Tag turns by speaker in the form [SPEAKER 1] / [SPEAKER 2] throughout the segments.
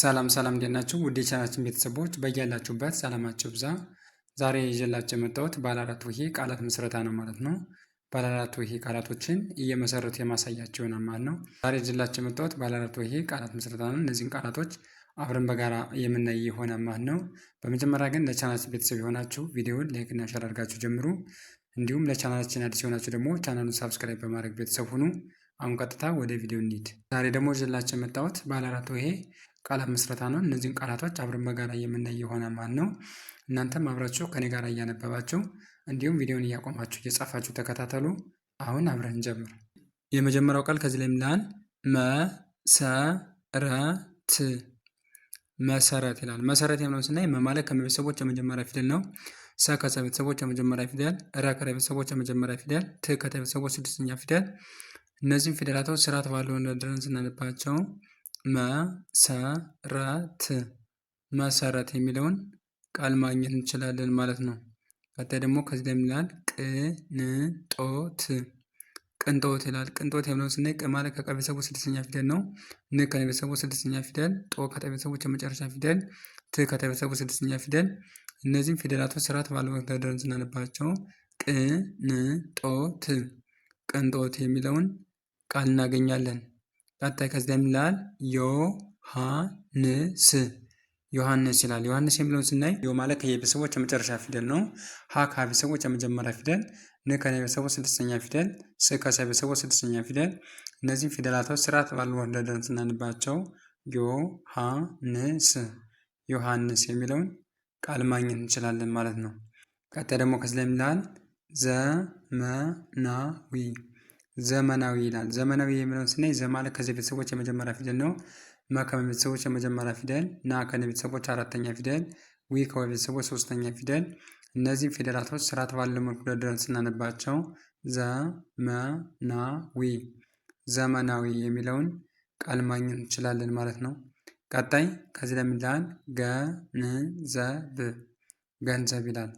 [SPEAKER 1] ሰላም ሰላም እንዴት ናችሁ? ውድ የቻናችን ቤተሰቦች በያላችሁበት ሰላማችሁ ብዛ። ዛሬ ይዤላችሁ የመጣሁት ባለ አራት ውሄ ቃላት ምስረታ ነው ማለት ነው። ባለ አራት ውሄ ቃላቶችን እየመሰረቱ የማሳያቸው ይሆናል ማለት ነው። ዛሬ ይዤላችሁ የመጣሁት ባለ አራት ውሄ ቃላት ምስረታ ነው። እነዚህን ቃላቶች አብረን በጋራ የምናይ ይሆናል ማለት ነው። በመጀመሪያ ግን ለቻናችን ቤተሰብ የሆናችሁ ቪዲዮውን ላይክና እና አድርጋችሁ ጀምሩ። እንዲሁም ለቻናላችን አዲስ የሆናችሁ ደግሞ ቻናሉን ሳብስክራይብ በማድረግ ቤተሰብ ሁኑ። አሁን ቀጥታ ወደ ቪዲዮ እንሂድ። ዛሬ ደግሞ ይዤላችሁ የመጣሁት ባለ አራት ውሄ ቃላት ምስረታ ነው። እነዚህን ቃላቶች አብረን በጋራ የምናይ የሆነ ማን ነው። እናንተም አብራችሁ ከኔ ጋር እያነበባችሁ እንዲሁም ቪዲዮን እያቆማችሁ እየጻፋችሁ ተከታተሉ። አሁን አብረን ጀምር። የመጀመሪያው ቃል ከዚህ ላይ ምላል መሰረት መሰረት ይላል። መሰረት የሚለውን ስናይ መማለት ከመቤተሰቦች የመጀመሪያ ፊደል ነው። ሰ ከሰ ቤተሰቦች የመጀመሪያ ፊደል፣ ረ ከረ ቤተሰቦች የመጀመሪያ ፊደል፣ ት ከተ ቤተሰቦች ስድስተኛ ፊደል። እነዚህም ፊደላቶች ስርዓት ባለው ደረን ስናነባቸው መሰረት መሰረት የሚለውን ቃል ማግኘት እንችላለን ማለት ነው። ቀጣይ ደግሞ ከዚህ ላይ የሚላል ቅንጦት ቅንጦት ይላል። ቅንጦት የሚለውን ስናይ ቅ ማለት ከቀ ቤተሰቡ ስድስተኛ ፊደል ነው። ን ከነ ቤተሰቡ ስድስተኛ ፊደል፣ ጦ ከጠ ቤተሰቡ የመጨረሻ ፊደል፣ ት ከተ ቤተሰቡ ስድስተኛ ፊደል። እነዚህም ፊደላቶች ስርዓት ባለው መደረን ስናነባቸው ቅንጦት ቅንጦት የሚለውን ቃል እናገኛለን። ቀጣይ ከዚህ ላይ ምላል ዮሐንስ ዮሐንስ ይላል። ዮሐንስ የሚለውን ስናይ ዮ ማለት ከየቤተሰቦች የመጨረሻ ፊደል ነው። ሀ ከቤተሰቦች የመጀመሪያ ፊደል፣ ን ከቤተሰቦች ስድስተኛ ፊደል፣ ስ ከቤተሰቦች ስድስተኛ ፊደል። እነዚህም ፊደላቶች ስርዓት ባለው ወርደደን ስናንባቸው ዮሐንስ ዮሐንስ የሚለውን ቃል ማግኘት እንችላለን ማለት ነው። ቀጣይ ደግሞ ከዚህ ላይ ዘመናዊ ዘመናዊ ይላል። ዘመናዊ የሚለውን ስናይ ዘ ማለት ከዚህ ቤተሰቦች የመጀመሪያ ፊደል ነው። መ ቤተሰቦች የመጀመሪያ ፊደል፣ ና ከነ ቤተሰቦች አራተኛ ፊደል፣ ዊ ከወ ቤተሰቦች ሶስተኛ ፊደል። እነዚህ ፊደላቶች ስርዓት ባለው መልኩ ደርድረን ስናነባቸው ዘመናዊ ዘመናዊ የሚለውን ቃል ማግኘት እንችላለን ማለት ነው። ቀጣይ ከዚህ ለሚላል ገንዘብ ገንዘብ ይላል።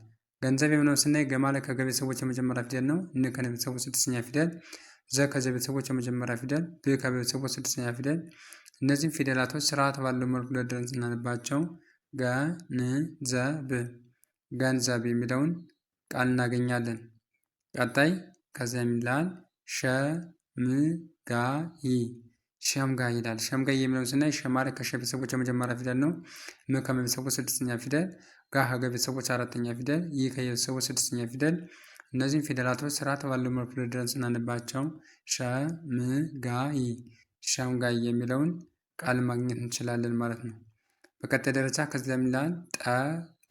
[SPEAKER 1] ገንዘብ የሚለውን ስናይ ገማለ ከገቤተሰቦች የመጀመሪያ ፊደል ነው። ን ከነ ቤተሰቦች ስድስተኛ ፊደል ዘ ከዘ ቤተሰቦች የመጀመሪያ ፊደል፣ ብ ከቤተሰቦች ስድስተኛ ፊደል። እነዚህም ፊደላቶች ስርዓት ባለው መልኩ ደርድረን ስናነባቸው ገንዘብ ገንዘብ የሚለውን ቃል እናገኛለን። ቀጣይ ከዚያ የሚላል ሸምጋይ ሸምጋይ ይላል። ሸምጋይ የሚለውን ስናይ ሸማሪ ከሸ ቤተሰቦች የመጀመሪያ ፊደል ነው። ም ከመ ቤተሰቦች ስድስተኛ ፊደል፣ ጋ ከገ ቤተሰቦች አራተኛ ፊደል፣ ይ ከየ ቤተሰቦች ስድስተኛ ፊደል እነዚህም ፊደላቶች ስርዓት ባለው መልኩ ደርድረን ስናነባቸው ሸምጋይ ሸምጋይ የሚለውን ቃል ማግኘት እንችላለን ማለት ነው። በቀጣይ ደረጃ ከዚህ ላይ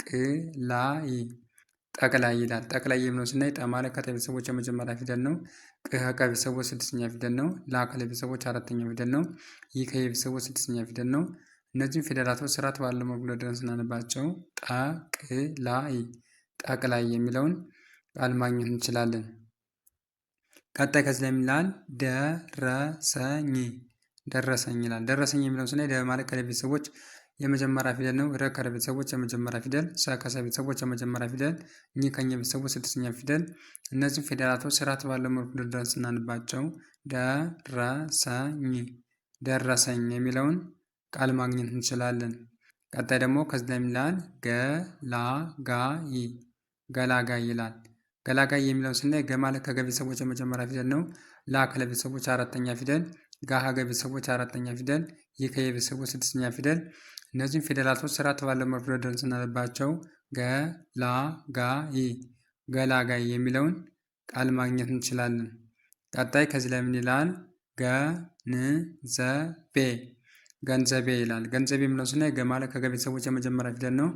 [SPEAKER 1] ጠቅላይ ጠቅላይ ይላል። ጠቅላይ የሚለው ስናይ ጠማለ ከተ ቤተሰቦች የመጀመሪያ ፊደል ነው። ቅህ ቤተሰቦች ስድስተኛ ፊደል ነው። ላ ከለ ቤተሰቦች አራተኛ ፊደል ነው። ይህ ቤተሰቦች ስድስተኛ ፊደል ነው። እነዚህም ፊደላቶች ስርዓት ባለው መልኩ ደርድረን ስናነባቸው ጠቅላይ ጠቅላይ የሚለውን ቃል ማግኘት እንችላለን። ቀጣይ ከዚህ ላይ የሚላል ደረሰኝ ደረሰኝ ይላል። ደረሰኝ የሚለውን ስናይ ማለት ከደ ቤተሰቦች የመጀመሪያ ፊደል ነው። ረ ከረ ቤተሰቦች የመጀመሪያ ፊደል፣ ሰ ከሰ ቤተሰቦች የመጀመሪያ ፊደል፣ ኝ ከኘ ቤተሰቦች ስድስተኛ ፊደል። እነዚህ ፊደላቶች ስርዓት ባለው መልኩ ድርድረን ስናንባቸው ደረሰኝ ደረሰኝ የሚለውን ቃል ማግኘት እንችላለን። ቀጣይ ደግሞ ከዚህ ላይ የሚላል ገላጋይ ገላጋይ ይላል። ገላጋይ የሚለውን ስናይ ገ ማለት ከገ ቤተሰቦች የመጀመሪያ ፊደል ነው። ላ ከለ ቤተሰቦች አራተኛ ፊደል፣ ጋ ከገ ቤተሰቦች አራተኛ ፊደል፣ ይህ ከየ ቤተሰቦች ስድስተኛ ፊደል። እነዚህም ፊደላቶች ስርዓት ባለው መልኩ ደርድረን ስናነባቸው ገ ላ ጋ ይ ገላጋይ የሚለውን ቃል ማግኘት እንችላለን። ቀጣይ ከዚህ ላይ ምን ይላል? ገንዘቤ ገንዘቤ ይላል ገንዘቤ የምለው ስናይ ገ ማለት ከገ ቤተሰቦች የመጀመሪያ ፊደል ነው።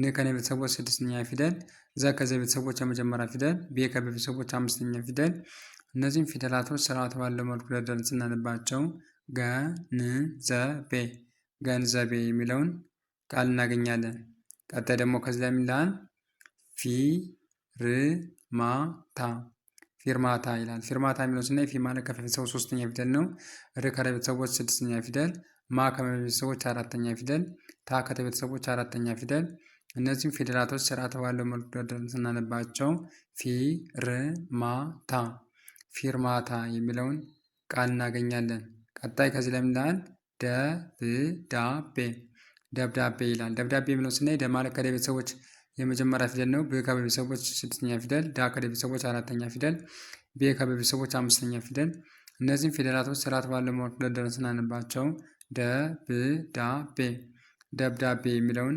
[SPEAKER 1] ን ከነ ቤተሰቦች ስድስተኛ ፊደል ዘ ከዘ ቤተሰቦች የመጀመሪያ ፊደል ቤ ከበ ቤተሰቦች አምስተኛ ፊደል። እነዚህም ፊደላቶች ስርዓት ባለው መልኩ ደርድረን ስናነባቸው ገንዘቤ ገንዘቤ የሚለውን ቃል እናገኛለን። ቀጣይ ደግሞ ከዚህ ላይ ምን ይላል? ፊርማታ ፊርማታ ይላል ፊርማታ የሚለው ስናይ ፊ ማለት ከፈ ቤተሰቦች ሶስተኛ ፊደል ነው። ር ከረ ቤተሰቦች ስድስተኛ ፊደል ማ ከቤተሰቦች አራተኛ ፊደል፣ ታ ከቤተሰቦች አራተኛ ፊደል። እነዚህም ፊደላቶች ስርዓት ባለው መልኩ ደርድረን ስናነባቸው ፊርማታ ፊርማታ የሚለውን ቃል እናገኛለን። ቀጣይ ከዚህ ለምንላል ደብዳቤ ደብዳቤ ይላል። ደብዳቤ የሚለው ስናይ ደ ከደ ቤተሰቦች የመጀመሪያ ፊደል ነው። ብ ከቤተሰቦች ስድስተኛ ፊደል፣ ዳ ከቤተሰቦች አራተኛ ፊደል፣ ቤ ከቤተሰቦች አምስተኛ ፊደል። እነዚህም ፊደላቶች ስርዓት ባለው መልኩ ደርድረን ስናነባቸው ደብዳቤ ደብዳቤ የሚለውን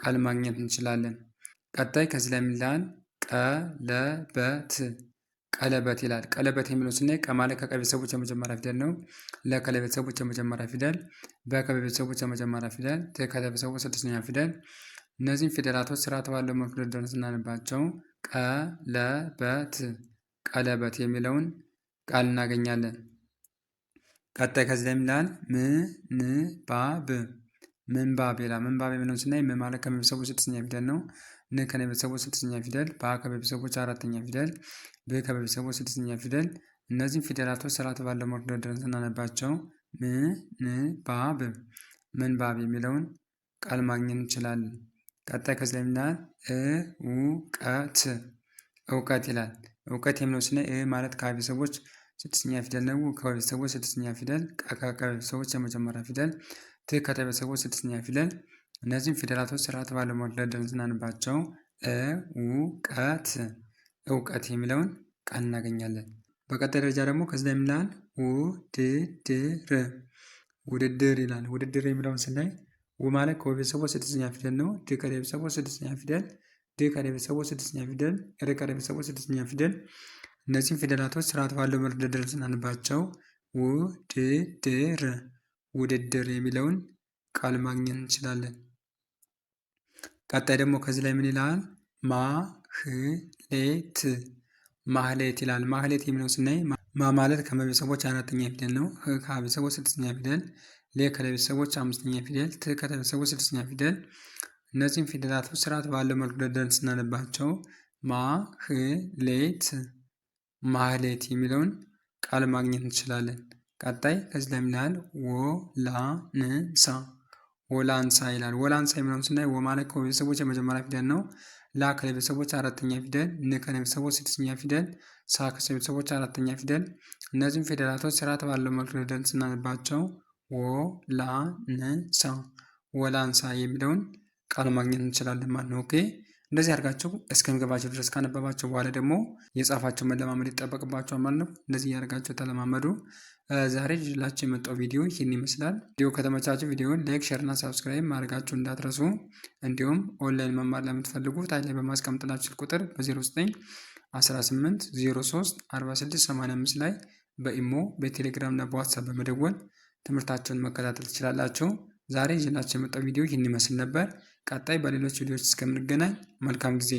[SPEAKER 1] ቃል ማግኘት እንችላለን። ቀጣይ ከዚህ ላይ የሚላል ቀለበት ቀለበት ይላል። ቀለበት የሚለው ስናይ ቀማለ ማለት ከቀ ቤተሰቦች የመጀመሪያ ፊደል ነው። ለ ቤተሰቦች የመጀመሪያ ፊደል፣ በ ቤተሰቦች የመጀመሪያ ፊደል፣ ት ቤተሰቦች ስድስተኛ ፊደል። እነዚህም ፊደላቶች ስርዓት ባለው መልኩ ደርድረን ስናነባቸው ቀለበት ቀለበት የሚለውን ቃል እናገኛለን። ቀጣይ ከዚህ ላይ የሚላል ምንባብ ምንባብ ይላል። ምንባብ የሚለውን ስናይ ም ማለት ከቤተሰቡ ስድስተኛ ፊደል ነው። ን ከቤተሰቡ ስድስተኛ ፊደል፣ ባ ከቤተሰቦች አራተኛ ፊደል፣ ብ ከቤተሰቦች ስድስተኛ ፊደል። እነዚህም ፊደላቶች ስርዓት ባለው መልኩ ደርድረን ስናነባቸው ምንባብ ምንባብ የሚለውን ቃል ማግኘት እንችላለን። ቀጣይ ከዚህ ላይ የሚላል እውቀት እውቀት ይላል። እውቀት የሚለውን ስናይ እ ማለት ከቤተሰቦች ስድስተኛ ፊደል ደግሞ ከወ ቤተሰቦች ስድስተኛ ፊደል፣ ቃ ከቀ ቤተሰቦች የመጀመሪያ ፊደል፣ ት ከተ ቤተሰቦች ስድስተኛ ፊደል። እነዚህም ፊደላቶች ስርዓት ባለመውደድ ስናነባቸው እውቀት እውቀት የሚለውን ቃል እናገኛለን። በቀጣይ ደረጃ ደግሞ ከዚ ላይ ምላል ውድድር ውድድር ይላል። ውድድር የሚለውን ስናይ ው ማለት ከወ ቤተሰቦች ስድስተኛ ፊደል ነው። ድ ከደ ቤተሰቦች ስድስተኛ ፊደል፣ ድ ከደ ቤተሰቦች ስድስተኛ ፊደል፣ ር ከደ ቤተሰቦች ስድስተኛ ፊደል እነዚህም ፊደላቶች ስርዓት ባለው መልክ ስናንባቸው ውድድር ውድድር የሚለውን ቃል ማግኘት እንችላለን። ቀጣይ ደግሞ ከዚህ ላይ ምን ይላል? ማህሌት ማህሌት ይላል። ማህሌት የሚለውን ስናይ ማ ማለት ከመቤተሰቦች አራተኛ ፊደል ነው። ህ ከቤተሰቦች ስድስተኛ ፊደል፣ ሌ ከለቤተሰቦች አምስተኛ ፊደል፣ ት ከተቤተሰቦች ስድስተኛ ፊደል። እነዚህም ፊደላቶች ስርዓት ባለው መልኩ ደርድረን ስናነባቸው ማህሌት ማህሌት የሚለውን ቃል ማግኘት እንችላለን። ቀጣይ ከዚህ ላይ ምን ወላንሳ ወላንሳ ይላል። ወላንሳ የሚለውን ስናይ ወ ማለት ከቤተሰቦች የመጀመሪያ ፊደል ነው። ላ ከቤተሰቦች አራተኛ ፊደል፣ ን ከቤተሰቦች ስድስተኛ ፊደል፣ ሳ ከቤተሰቦች አራተኛ ፊደል። እነዚህም ፊደላቶች ስርዓት ባለው መልኩ ደን ስናነባቸው ወላንሳ ወላንሳ የሚለውን ቃል ማግኘት እንችላለን ማለት ነው። ኦኬ እንደዚህ አድርጋችሁ እስከ ምግባችሁ ድረስ ካነበባችሁ በኋላ ደግሞ የጻፋችሁ መለማመድ ይጠበቅባችኋል ማለት ነው። እንደዚህ እያደርጋችሁ ተለማመዱ። ዛሬ ላችሁ የመጣው ቪዲዮ ይህን ይመስላል። ቪዲዮ ከተመቻችሁ ቪዲዮን ላይክ፣ ሼር እና ሳብስክራይብ ማድረጋችሁ እንዳትረሱ። እንዲሁም ኦንላይን መማር ለምትፈልጉ ታች ላይ በማስቀምጥላችሁ ቁጥር በ0918 03 4685 ላይ በኢሞ በቴሌግራም እና በዋትሳፕ በመደወል ትምህርታችሁን መከታተል ትችላላችሁ። ዛሬ ይዤላችሁ የመጣው ቪዲዮ ይህን ይመስል ነበር። ቀጣይ በሌሎች ቪዲዮዎች እስከምንገናኝ መልካም ጊዜ